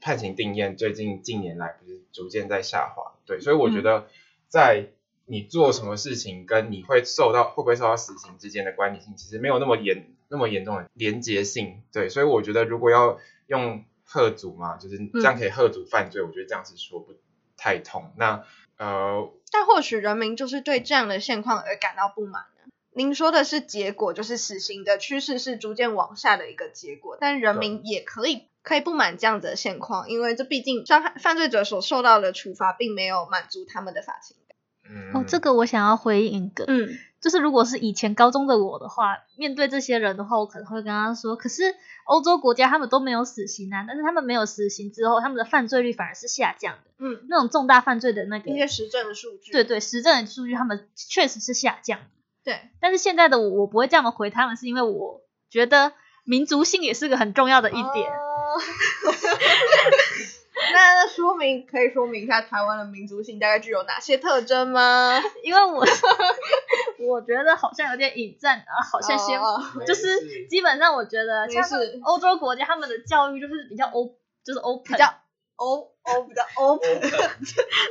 判刑定讞最近近年來不是逐漸在下滑，對，所以我覺得，在你做什麼事情跟你會受到、嗯、會不會受到死刑之間的關係性，其實沒有那麼嚴那麼嚴重的連結性，對，所以我覺得如果要用嚇阻嘛，就是這樣可以嚇阻犯罪，嗯、我覺得這樣是說不太通。那呃，但或許人民就是對這樣的現況而感到不滿呢？您說的是結果，就是死刑的趨勢是逐漸往下的一個結果，但人民也可以可以不滿這樣子的現況，因為這畢竟傷害犯罪者所受到的處罰並沒有滿足他們的法情感。嗯、哦，這個我想要回應一個，嗯，就是如果是以前高中的我的話，面對這些人的話，我可能會跟他說，可是歐洲國家他們都沒有死刑啊，但是他們沒有死刑之後，他們的犯罪率反而是下降的。嗯，那種重大犯罪的那個，因為實證的數據，對對，實證的數據，他們確實是下降。對，但是現在的我，我不會這樣子回他們，是因為我覺得民族性也是個很重要的一點。哦、 那說明可以說明一下台灣的民族性大概具有哪些特徵嗎？因為我 我覺得好像有點隱佔啊，好像先、哦、就是基本上我覺得，其實歐洲國家他們的教育就是比較歐，就是 open 比較。哦，歐比較歐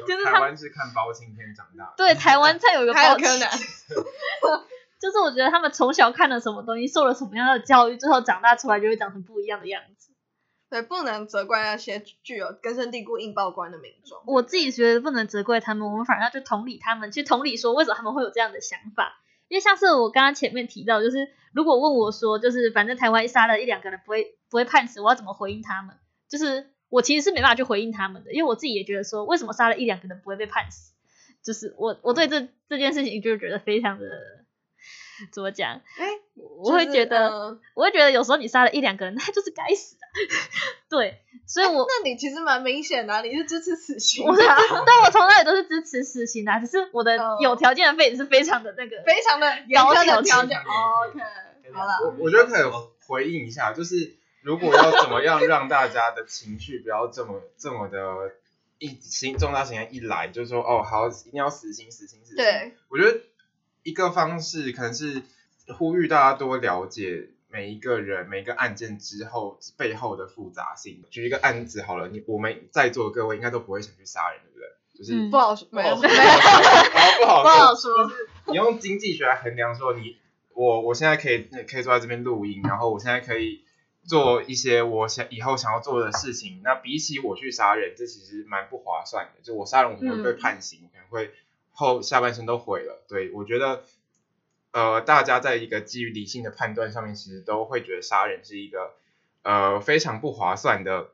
就是台灣是看包青天長大的。對，台灣才有一個包青天、啊。 就是我覺得他們從小看了什麼東西，受了什麼樣的教育，最後長大出來就會長成不一樣的樣子。對，不能責怪那些具有根深蒂固應報觀的民眾。我自己覺得不能責怪他們，我們反而要去同理他們，去同理說為什麼他們會有這樣的想法。因為像是我剛剛前面提到，就是如果問我說，就是反正台灣一殺了，一兩個人不會不會判死，我要怎麼回應他們？就是。我其實是沒辦法去回應他們的，因為我自己也覺得說，為什麼殺了一兩個人不會被判死？就是我我對這、嗯、這件事情就是覺得非常的、嗯、怎麼講？哎，就是、我會覺得，呃、我會覺得有時候你殺了一兩個人，他就是該死的。 對，所以我，我、哎、那你其實蠻明顯的、啊，你是支持死刑。我但我從來都是支持死刑的、啊，只是我的有條件的廢也是非常的那個，非常的有條件，高要求、哦。OK，對好了啦，我我覺得可以回應一下，就是。 如果要怎麼樣讓大家的情緒不要這麼 這麼的一新重大事件一來，就說哦好，一定要死刑死刑死刑。對，我覺得一個方式可能是呼籲大家多了解每一個人每個案件之後背後的複雜性。舉一個案子好了，你我們在座的各位應該都不會想去殺人，對不對？就是不好說，沒有，沒有，不好，不好說。你用經濟學來衡量，說你我我現在可以可以坐在這邊錄音，然後我現在可以。做一些我想以後想要做的事情，那比起我去殺人，這其實蠻不划算的。就我殺人，我可能會被判刑，可能會後下半生都毀了。對，我覺得，呃，大家在一個基於理性的判斷上面，其實都會覺得殺人是一個呃非常不划算的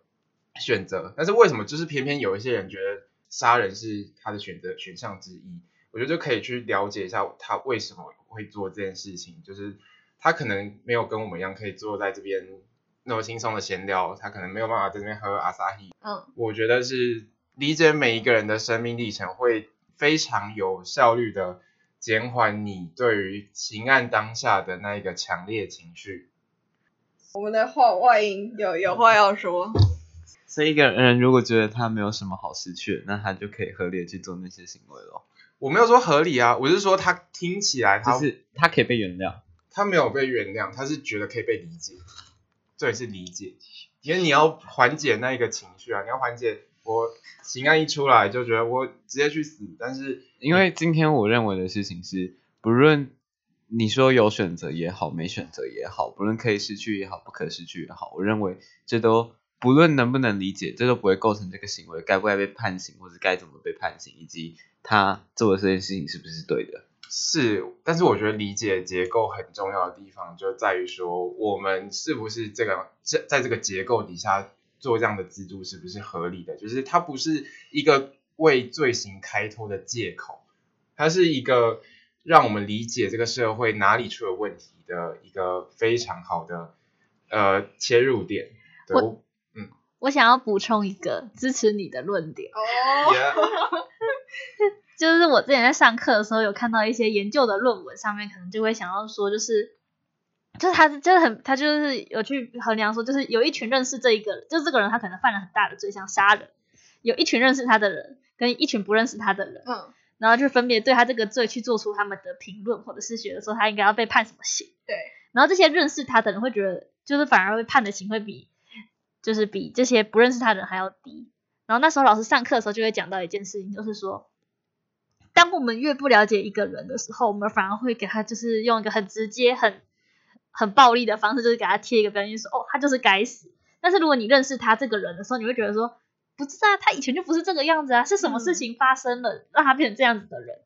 選擇。但是為什麼就是偏偏有一些人覺得殺人是他的選擇選項之一？我覺得就可以去了解一下他為什麼會做這件事情，就是他可能沒有跟我們一樣可以坐在這邊。那麼輕鬆的閒聊，他可能沒有辦法在這邊喝阿薩希。嗯，我覺得是理解每一個人的生命歷程，會非常有效率的減緩你對於情案當下的那一個強烈情緒。我們的話外音有有話要說。嗯、所以一個人如果覺得他沒有什麼好失去，那他就可以合理的去做那些行為嘍？我沒有說合理啊，我是說他聽起來他是他可以被原諒，他沒有被原諒，他是覺得可以被理解。這也是理解，因為你要緩解那一個情緒啊，你要緩解我情感一出來就覺得我直接去死，但是因為今天我認為的事情是，不論你說有選擇也好，沒選擇也好，不論可以失去也好，不可失去也好，我認為這都不論能不能理解，這都不會構成這個行為該不該被判刑，或者該怎麼被判刑，以及他做的這件事情是不是對的。是，但是我覺得理解結構很重要的地方就在於說，我們是不是這個在這個結構底下做這樣的制度是不是合理的？就是它不是一個為罪行開脫的借口，它是一個讓我們理解這個社會哪裡出了問題的一個非常好的呃切入點。對，我嗯，我想要補充一個支持你的論點。Oh. Yeah. 就是我之前在上課的時候有看到一些研究的論文，上面可能就會想要說，就是，就是他是真的很他就是有去衡量說，就是有一群認識這一個人，就這個人他可能犯了很大的罪，像殺人，有一群認識他的人跟一群不認識他的人，嗯，然後就分別對他這個罪去做出他們的評論，或者是覺得說他應該要被判什麼刑，對，然後這些認識他的人會覺得，就是反而被判的刑會比，就是比這些不認識他的人還要低，然後那時候老師上課的時候就會講到一件事情，就是說。當我們越不了解一個人的時候，我們反而會給他就是用一個很直接、很很暴力的方式，就是給他貼一個標籤，說哦，他就是該死。但是如果你認識他這個人的時候，你會覺得說，不是啊，他以前就不是這個樣子啊，是什麼事情發生了，嗯、讓他變成這樣子的人？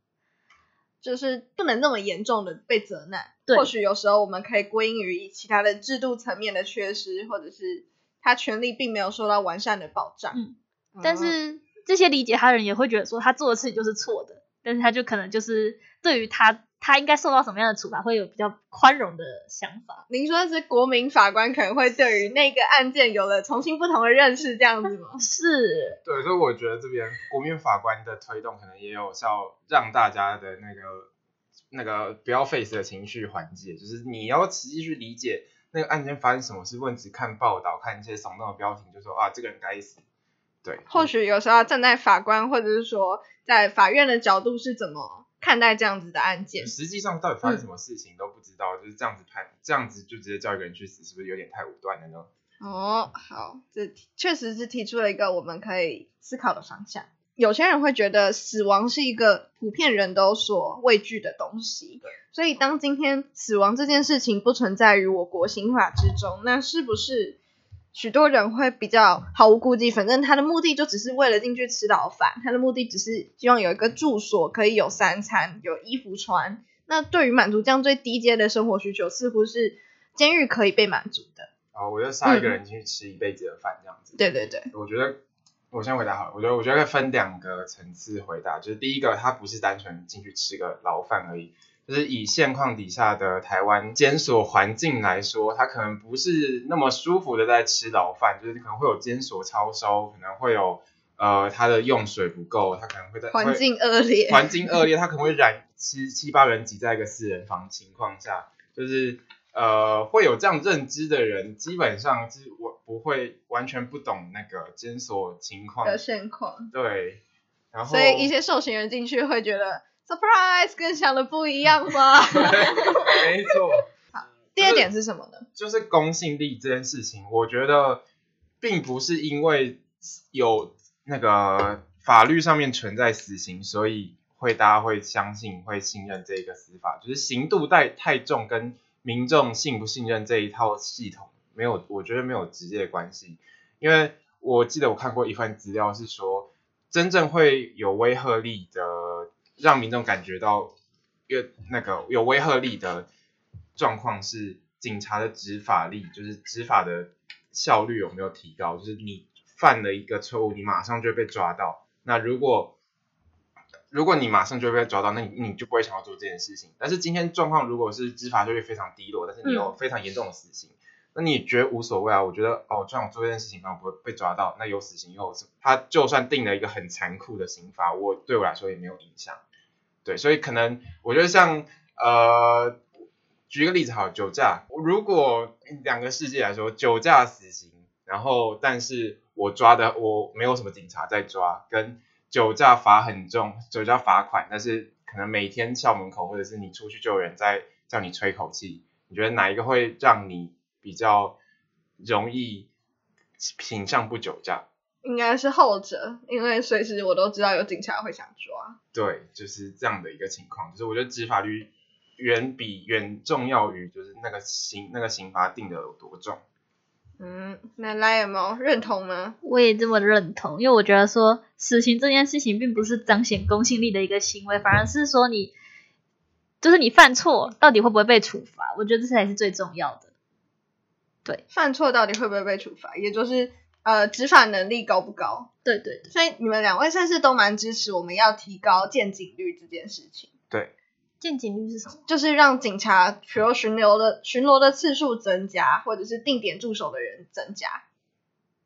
就是不能那麼嚴重的被責難。對。或許有時候我們可以歸因於其他的制度層面的缺失，或者是他權利並沒有受到完善的保障。嗯，但是、嗯、這些理解他人也會覺得說，他做的事情就是錯的。但是他就可能就是對於他，他應該受到什麼樣的處罰會有比較寬容的想法。您說的是國民法官可能會對於那個案件有了重新不同的認識這樣子嗎？是。是對，所以我覺得這邊國民法官的推動可能也有效，讓大家的那個那個不要 face 的情緒緩解，就是你要持續去理解那個案件發生什麼事，是問只看報道看一些聳動的標題就說啊，這個人該死。對，或許有時候要站在法官或者是說在法院的角度是怎麼看待這樣子的案件？實際上到底發生什麼事情，嗯、都不知道，就是這樣子判，這樣子就直接叫一個人去死，是不是有點太武斷了呢？哦，好，這確實是提出了一個我們可以思考的方向。有些人會覺得死亡是一個普遍人都所畏懼的東西，對所以當今天死亡這件事情不存在於我國刑法之中，那是不是？許多人會比較毫無顧忌，反正他的目的就只是為了進去吃牢飯，他的目的只是希望有一個住所，可以有三餐，有衣服穿。那對於滿足這樣最低階的生活需求，似乎是監獄可以被滿足的。哦，我就殺一個人進去吃一輩子的飯，嗯、這樣子。對對對，我覺得我先回答好了。我覺得我覺得分兩個層次回答，就是第一個，他不是單純進去吃個牢飯而已。就是以現況底下的台灣監所環境來說，他可能不是那麼舒服的在吃牢飯，就是可能會有監所超收，可能會有呃他的用水不夠，他可能會在環境惡劣，環境惡劣，他可能會染七七八人擠在一個四人房情況下，就是呃會有這樣認知的人基本上是我不會完全不懂那個監所情況的現況，對，然後所以一些受刑人進去會覺得。surprise 跟想的不一樣嗎？ 沒錯。好，第二點是什麼呢？就是，就是公信力這件事情，我覺得並不是因為有那個法律上面存在死刑，所以會大家會相信、會信任這個司法，就是刑度帶太，太重，跟民眾信不信任這一套系統沒有，我覺得沒有直接關係。因為我記得我看過一份資料，是說真正會有威嚇力的。讓民眾感覺到越那個有威懾力的狀況，是警察的執法力，就是執法的效率有沒有提高？就是你犯了一個錯誤，你馬上就會被抓到。那如果如果你馬上就被抓到，那你你就不會想要做這件事情。但是今天狀況如果是執法就會非常低落，但是你有非常嚴重的死刑，嗯、那你覺得無所謂啊？我覺得哦，這樣我做這件事情，但我不會我被抓到。那有死刑又有死他就算定了一個很殘酷的刑罰，我對我來說也沒有影響。對，所以可能我覺得像呃，舉一個例子好，酒駕。如果兩個世界來說，酒駕死刑，然後但是我抓的我沒有什麼警察在抓，跟酒駕罰很重，酒駕罰款，但是可能每天校門口或者是你出去就有人在叫你吹口氣。你覺得哪一個會讓你比較容易傾向不酒駕？應該是後者，因為隨時我都知道有警察會想抓。對，就是這樣的一個情況。就是我覺得執法率遠比遠重要於就是那個刑那個刑法定的有多重。嗯，那賴 i 認同嗎？我也這麼認同，因為我覺得說死刑這件事情並不是彰顯公信力的一個行為，反而是說你就是你犯錯到底會不會被處罰，我覺得這才是最重要的。對，犯錯到底會不會被處罰，也就是。呃，執法能力高不高？對,對對，所以你們兩位算是都蠻支持我們要提高見警率這件事情。對，見警率是什麼？就是讓警察巡邏、巡邏的巡邏的次數增加，或者是定點駐守的人增加。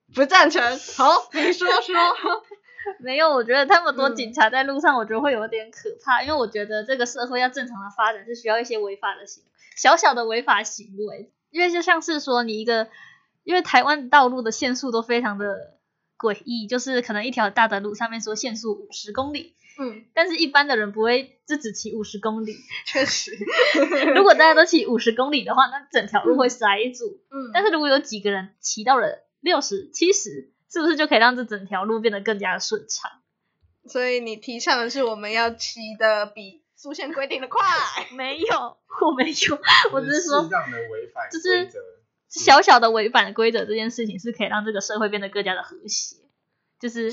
嗯、不贊成，好，你 說說。 沒有，我覺得那麼多警察在路上，我覺得會有點可怕。嗯、因為我覺得這個社會要正常的發展，是需要一些違法的行小小的違法行為，因為就像是說你一個。因為台灣道路的限速都非常的詭異，就是可能一條大的路上面說限速五十公里，嗯，但是一般的人不會這只，只騎五十公里。確實， 如果大家都騎五十公里的話，那整條路會塞住，嗯。嗯，但是如果有幾個人騎到了六十七十，是不是就可以讓這整條路變得更加的順暢？所以你提倡的是我們要騎的比速限規定的快？沒有，我沒有，我只是說只是適當的違反規則，就是小小的違反規則這件事情是可以讓這個社會變得更加的和諧，就是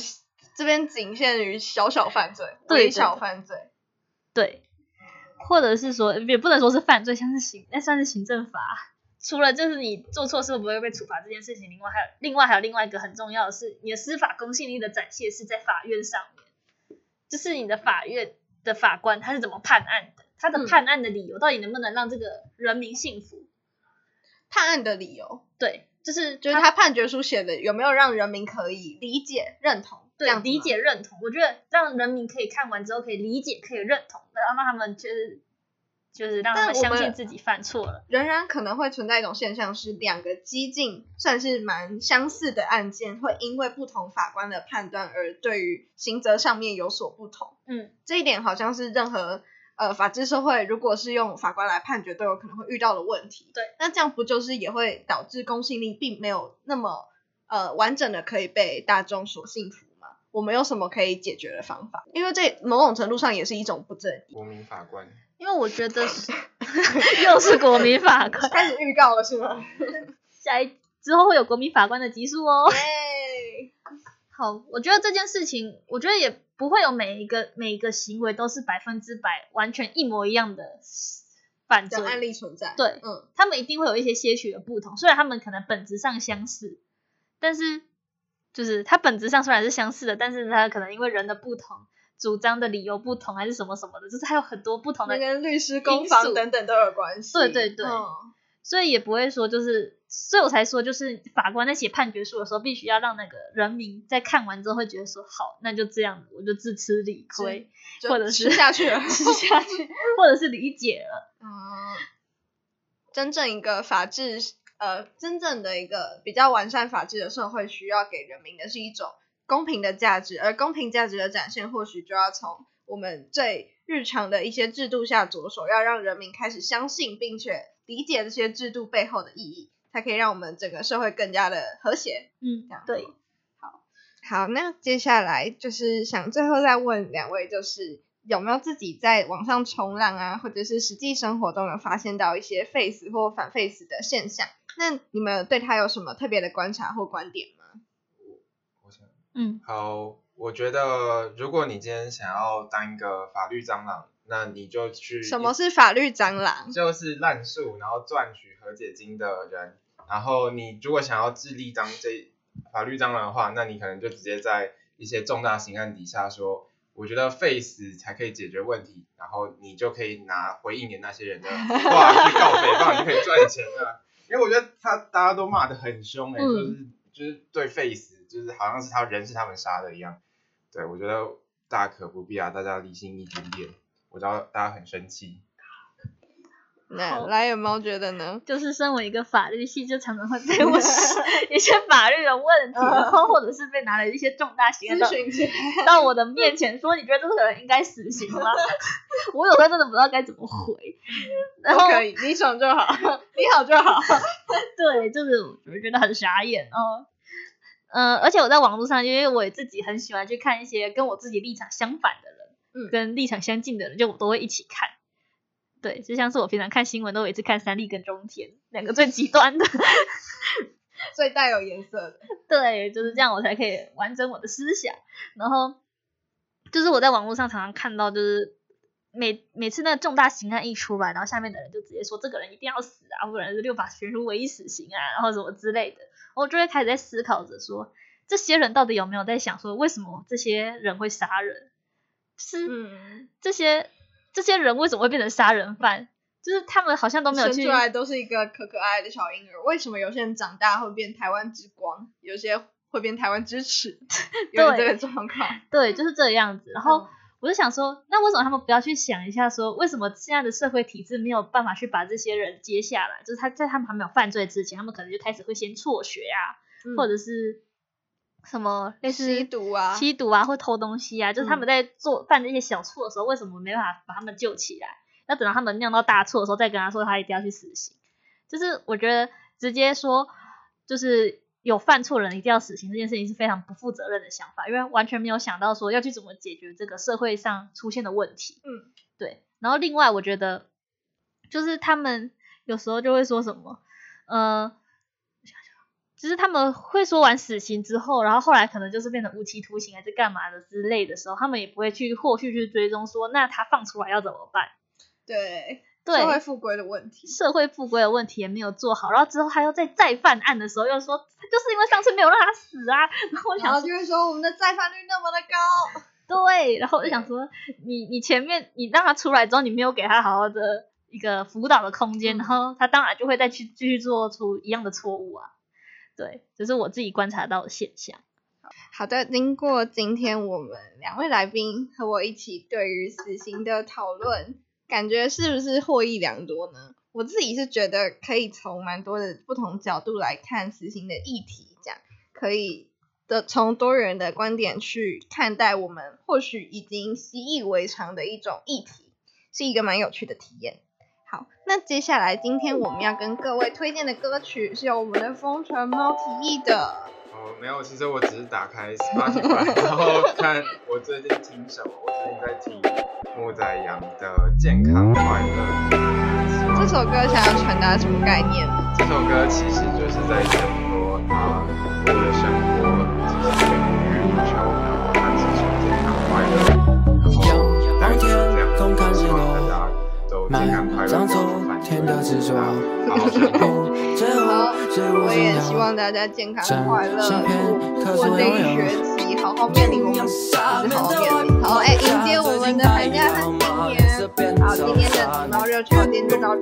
這邊僅限於小小犯罪，對，對，對，小犯罪，對，或者是說也不能說是犯罪，像是行，那算是行政法。除了就是你做錯事不會被處罰這件事情，另外還有另外還有另外一個很重要的是，你的司法公信力的展現是在法院上面，就是你的法院的法官他是怎麼判案的，他的判案的理由到底能不能讓這個人民信服。判案的理由，對，就是就是他判決書寫的有沒有讓人民可以理解認同，對。理解認同，我覺得讓人民可以看完之後可以理解可以認同，然後讓他們就是就是讓他們相信自己犯錯了。仍然可能會存在一種現象，是兩個激進算是蠻相似的案件，會因為不同法官的判斷而對於刑責上面有所不同。嗯，這一點好像是任何。呃，法治社會如果是用法官來判決，都有可能會遇到的問題。對，那這樣不就是也會導致公信力並沒有那麼呃完整的可以被大眾所信服嗎？我沒有什麼可以解決的方法？因為這某種程度上也是一種不正義。國民法官，因為我覺得是， 又是國民法官， 開始預告了是嗎？ 下一之後會有國民法官的集數哦。Yeah! 好，我覺得這件事情，我覺得也不會有每一個每一個行為都是百分之百完全一模一樣的犯罪的案例存在，對，嗯，他們一定會有一些些許的不同，雖然他們可能本質上相似，但是就是他本質上雖然是相似的，但是他可能因為人的不同，主張的理由不同，還是什麼什麼的，就是還有很多不同的，跟律師攻防等等都有關係，對對對，嗯、所以也不會說就是。所以我才說，就是法官在寫判決書的時候，必須要讓那個人民在看完之後會覺得說，好，那就這樣，我就自知理虧，或者是吃下去了，吃下去，或者是理解了。啊、嗯，真正一個法治，呃，真正的一個比較完善法治的社會，需要給人民的是一種公平的價值，而公平價值的展現，或許就要從我們最日常的一些制度下着手，要讓人民開始相信並且理解這些制度背後的意義。它可以讓我們整個社會更加的和諧，嗯，對，好，好，那接下來就是想最後再問兩位，就是有沒有自己在網上衝浪啊，或者是實際生活中有發現到一些廢死或反廢死的現象？那你們對它有什麼特別的觀察或觀點嗎？我，我想，嗯，好，我覺得如果你今天想要當一個法律蟑螂。那你就去。什麼是法律蟑螂？就是濫訴然後賺取和解金的人。然後你如果想要自立當這法律蟑螂的話，那你可能就直接在一些重大刑案底下說，我覺得廢死才可以解決問題，然後你就可以拿回應你那些人的話去告誹謗， 你就可以賺錢啊。因為我覺得他大家都罵得很兇、欸嗯、就是就是對廢死，就是好像是他人是他們殺的一樣。對，我覺得大可不必啊，大家理性一點點。我知道大家很生氣，那來有沒有覺得呢？就是身為一個法律系，就常常會被問一些法律的問題，然後 或者是被拿了一些重大刑事案件， 到我的面前說，說你覺得這個人應該死刑嗎？ 我有時候真的不知道該怎麼回。可以，okay, 你爽就好，你好就好。 對，就是我覺得很傻眼哦。嗯、呃，而且我在網絡上，因為我自己很喜歡去看一些跟我自己立場相反的人。嗯，跟立場相近的人，嗯、就我都會一起看，對，就像是我平常看新聞，都一次看三立跟中天兩個最極端的 最帶有顏色的。對，就是這樣，我才可以完整我的思想。然後，就是我在網絡上常，常常看到，就是每每次那個重大刑案一出來，然後下面的人就直接說：“這個人一定要死啊，不然就六法全書唯一死刑啊，然後什麼之類的。”我就會開始在思考着說，這些人到底有沒有在想說，為什麼這些人會殺人？就是，嗯、這些這些人為什麼會變成殺人犯？就是他們好像都沒有生出來都是一個可可愛愛的小嬰兒，為什麼有些人長大會變台灣之光，有些會變台灣之恥？有這個狀況？對，就是這樣子。然後我就想說，那為什麼他們不要去想一下，說為什麼現在的社會體制沒有辦法去把這些人接下來？就是他在他們還沒有犯罪之前，他們可能就開始會先輟學啊，嗯、或者是。什麼類似吸毒啊、吸毒啊或偷東西啊，就是他們在做犯這些小錯的時候，為什麼沒辦法把他們救起來？要等到他們釀到大錯的時候再跟他說，他一定要去死刑。就是我覺得直接說就是有犯錯的人一定要死刑這件事情是非常不負責任的想法，因為完全沒有想到說要去怎麼解決這個社會上出現的問題。嗯，對。然後另外我覺得就是他們有時候就會說什麼，嗯、呃。只是他們會說完死刑之後，然後後來可能就是變成無期徒刑還是幹嘛的之類的時候，他們也不會去後續去追蹤說，那他放出來要怎麼辦？對，對，社會復歸的問題，社會復歸的問題也沒有做好，然後之後他又再再犯案的時候，又說就是因為上次沒有讓他死啊，然後我想到就是說我們的再犯率那麼的高，對，然後我就想說對你你前面你讓他出來之後，你沒有給他好好的一個輔導的空間，嗯、然後他當然就會再去繼續做出一樣的錯誤啊。對，這是我自己觀察到的現象。好，好的，經過今天我們兩位來賓和我一起對於死刑的討論，感覺是不是獲益良多呢？我自己是覺得可以從蠻多的不同角度來看死刑的議題，這樣可以的從多元的觀點去看待我們或許已經習以為常的一種議題，是一個蠻有趣的體驗。那接下來，今天我們要跟各位推薦的歌曲是由我們的風城貓提議的。哦、呃，沒有，其實我只是打開 Spotify 然後看我最近聽什麼，我最近在聽莫宰羊的《健康快樂》。 這首歌想要傳達什麼概念？這首歌其實就是在講說他、呃、的生。健康快樂，好，好，我也希望大家健康快樂，過這個學期，好好面對，好好面對，好，哎，迎接我們的寒假新年，好，今天的熱吵就要點到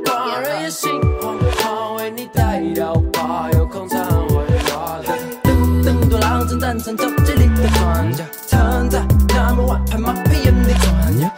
這。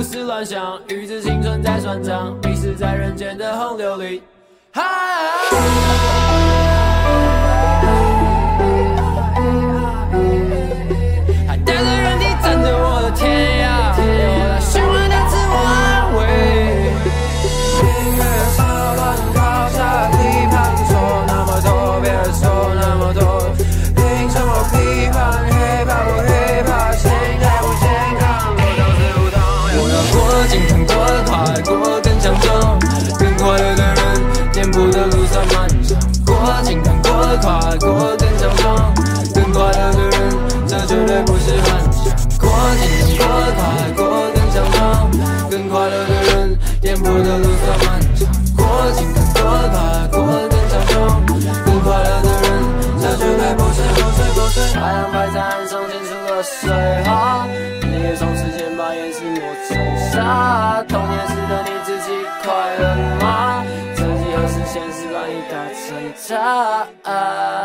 胡思亂想，與這青春在算賬，迷失在人間的洪流裡。歲月從指尖把眼淚抹成沙，童年時的你自己快樂嗎？曾幾何時現實把你打成渣。啊